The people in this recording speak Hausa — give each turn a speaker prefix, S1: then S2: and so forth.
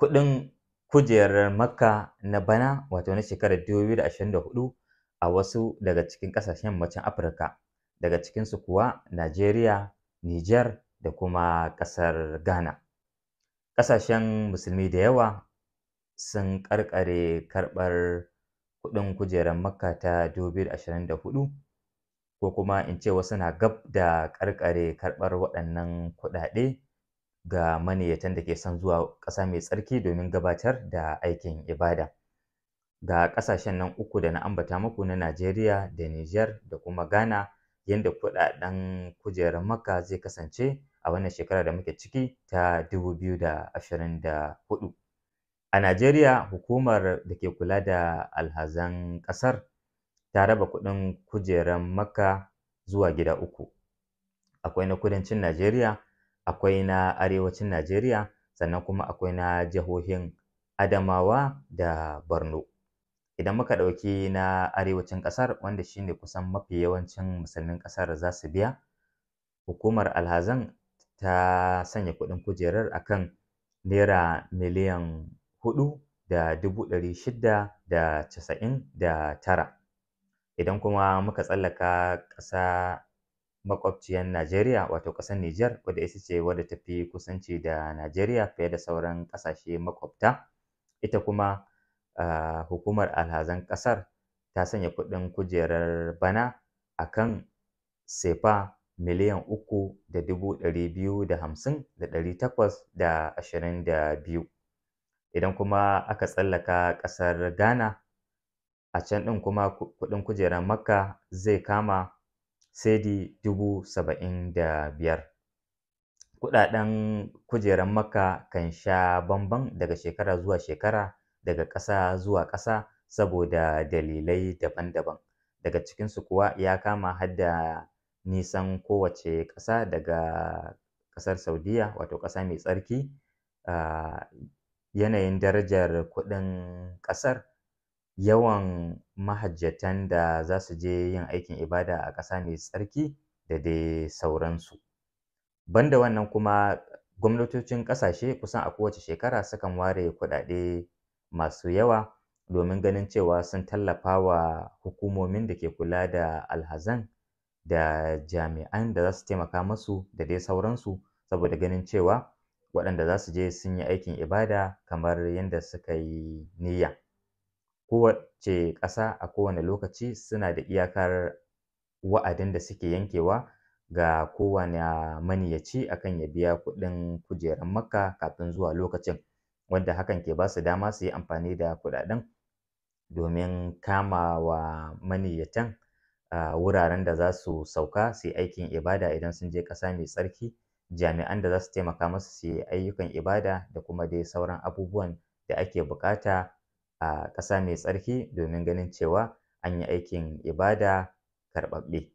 S1: kuɗin kujerar Makka na bana wato na shekarar 2024 a wasu daga cikin ƙasashen yammacin Afirka daga cikinsu kuwa Najeriya, Nijar da kuma ƙasar Ghana. Ƙasashen musulmi da yawa sun ƙarƙare karɓar kuɗin kujerar Makka ta 2024 ko kuma in ce wasu na gab da ƙarƙare karɓar waɗannan kuɗaɗe ga maniyyatan da ke son zuwa ƙasa mai tsarki domin gabatar da aikin ibada. Ga ƙasashen nan uku da na ambata muku na Najeriya da Nijar da kuma Ghana yadda kuɗaɗen kujerar Makka zai kasance a wannan shekara da muke ciki ta 2024. A Najeriya hukumar da ke kula da alhazan ƙasar ta raba kuɗin kujerar Makka zuwa gida uku. Akwai na kudancin Najeriya akwai na arewacin Najeriya sannan kuma akwai na jihohin Adamawa da Borno. Idan muka ɗauki na arewacin ƙasar wanda shi ne kusan mafi yawancin musulmin ƙasar za su biya, hukumar alhazan ta sanya kuɗin kujerar a kan Naira miliyan hudu da dubu ɗari shida da casa'in da tara. Idan kuma muka tsallaka ƙasa makwabciyar Najeriya wato ƙasar Nijar wadda ita ce wadda ta fi kusanci da Najeriya fiye da sauran ƙasashe makwabta. Ita kuma hukumar alhazan ƙasar ta sanya kuɗin kujerar bana a kan sefa miliyan uku da dubu ɗari biyu da hamsin da ɗari takwas da ashirin da biyu. Idan kuma aka tsallaka ƙasar Ghana a can ɗin kuma kuɗin kujerar Makka zai kama sedi dubu saba'in da biyar. Kuɗaɗen kujerar Makka kan sha bamban daga shekara zuwa shekara, daga ƙasa zuwa ƙasa saboda dalilai daban-daban. Daga cikinsu kuwa ya kama har nisan kowace ƙasa daga ƙasar Saudiyya wato ƙasa mai tsarki, ah, yanayin darajar kuɗin ƙasar yawan mahajjatan da za su je yin aikin ibada a ƙasa mai tsarki da dai sauransu. Banda wannan kuma gwamnatocin ƙasashe kusan a kowace shekara sukan ware kuɗaɗe masu yawa domin ganin cewa sun tallafa wa hukumomin da ke kula da alhazan da jami'an da za su taimaka musu da dai sauransu saboda ganin cewa waɗanda za su je sun yi aikin ibada kamar yadda suka yi niyya. kowace ƙasa a kowane lokaci suna da iyakar wa'adin da suke yankewa ga kowane maniyaci akan ya biya kuɗin kujerar makka kafin zuwa lokacin wanda hakan ke ba su dama su yi amfani da kuɗaɗen domin kama wa maniyyatan ah, wuraren da za su sauka su yi aikin ibada idan sun je ƙasa mai tsarki jami'an da za su taimaka masu su yi ayyukan ibada da kuma dai sauran abubuwan da ake buƙata a ƙasa mai tsarki domin ganin cewa an yi aikin ibada karɓaɓɓe